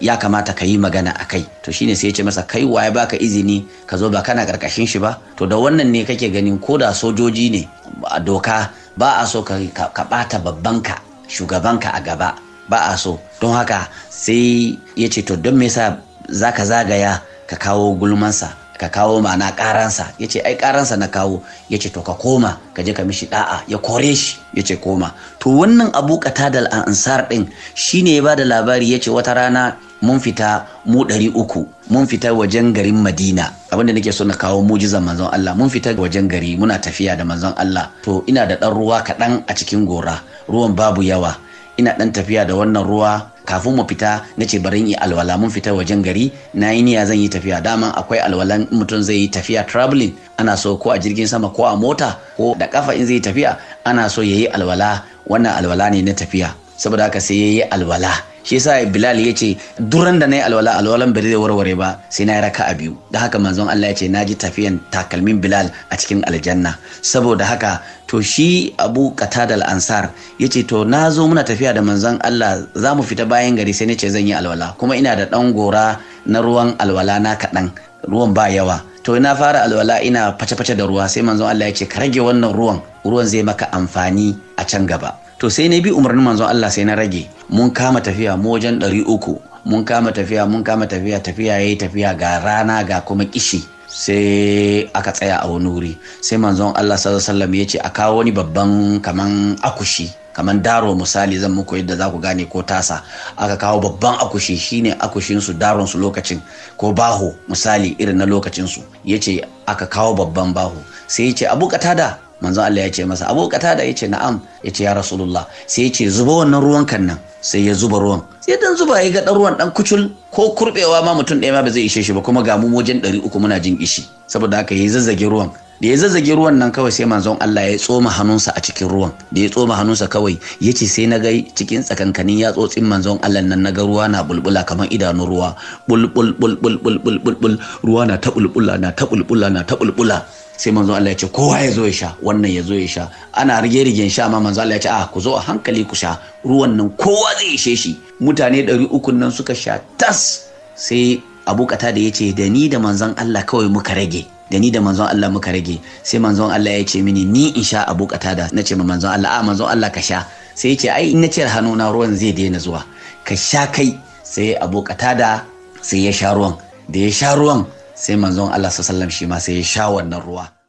ya kamata ka yi magana a kai to shi ne sai ya ce masa kai waye baka izini ka zo ba kana karkashin shi ba to da wannan ne kake ganin ko da sojoji ne a doka ba a so ka bata babbanka shugabanka a gaba ba a so don haka sai ya ce to don me yasa zaka zagaya ka kawo gulmansa ka kawo ma'ana karansa ya ce ai karansa na kawo ya ce to ka koma ka je ka mishi da'a ya kore shi ya ce koma to wannan abu da ansar din shine ya ba da labari ya ce wata rana mun fita mu ɗari uku mun fita wajen garin madina abinda nake so na kawo mujizan manzon Allah mun fita wajen gari muna tafiya da manzon Allah to ina da ɗan ruwa kaɗan a cikin gora ruwan babu yawa ina ɗan tafiya da wannan ruwa kafin mu fita na ce bari yi alwala mun fita wajen gari na yi niyya zan yi tafiya dama akwai alwalan mutum zai yi tafiya traveling ana so ko a jirgin sama ko a mota ko da kafa in zai yi tafiya ana so ya yi alwala wannan alwala ne na tafiya saboda haka sai ya yi alwala shi yasa Bilal ya ce duran da na yi alwala alwalan bai zai warware ba sai na yi raka a biyu da haka manzon Allah ya ce na ji tafiyan takalmin Bilal a cikin aljanna saboda haka to shi Abu Qatada ansar ya ce to na zo muna tafiya da manzon Allah za mu fita bayan gari sai na ce zan yi alwala kuma ina da ɗan gora na ruwan alwala na kaɗan ruwan ba yawa to na fara alwala ina face-face da ruwa sai manzon Allah ya ce ka rage wannan ruwan ruwan zai maka amfani a can gaba to sai na bi umarnin manzon Allah sai na rage mun kama tafiya mu wajen ɗari uku mun kama tafiya mun kama tafiya tafiya yayi tafiya ga rana ga kuma kishi sai aka tsaya a wani wuri sai manzon Allah sallallahu alaihi wasallam ya ce a kawo wani babban kaman akushi kaman daro misali zan muku yadda za ku gane ko tasa aka kawo babban akushi shine akushin su daron su lokacin ko baho misali irin na lokacin su yace aka kawo babban baho sai yace abu katada manzon Allah ya ce masa abu da ya ce na'am ya ce ya rasulullah sai ya ce zuba wannan ruwan kan nan sai ya zuba ruwan sai dan zuba ya ga dan ruwan dan kucul ko kurbewa ma mutum ɗaya ma ba zai ishe shi ba kuma ga mu wajen ɗari uku muna jin ishi saboda haka ya zazzage ruwan da ya zazzage ruwan nan kawai sai manzon Allah ya tsoma hannunsa a cikin ruwan da ya tsoma hannunsa kawai ya ce sai na ga cikin tsakankanin tsotsin manzon Allah nan na ga ruwa na bulbula kamar idanun ruwa bulbul bulbul bulbul bulbul ruwa na ta na ta na ta sai manzo Allah ya ce kowa ya zo ya sha wannan ya zo ya sha ana rige rigen sha ma manzo Allah ya ce a ah, ku zo a hankali ku sha ruwan nan kowa zai ishe shi mutane ɗari uku nan suka sha tas sai abu kata da ya ce da ni da manzon Allah kawai muka rage da ni da manzon Allah muka rage sai manzon Allah ya ce mini ni in sha abu kata da na ce ma manzon Allah a ah, manzon Allah ka sha sai ya ce ai in na ciyar hannuna ruwan zai daina zuwa ka sha kai sai abu kata da sai ya sha ruwan da ya sha ruwan sai manzon Allah shi ma sai ya sha wannan ruwa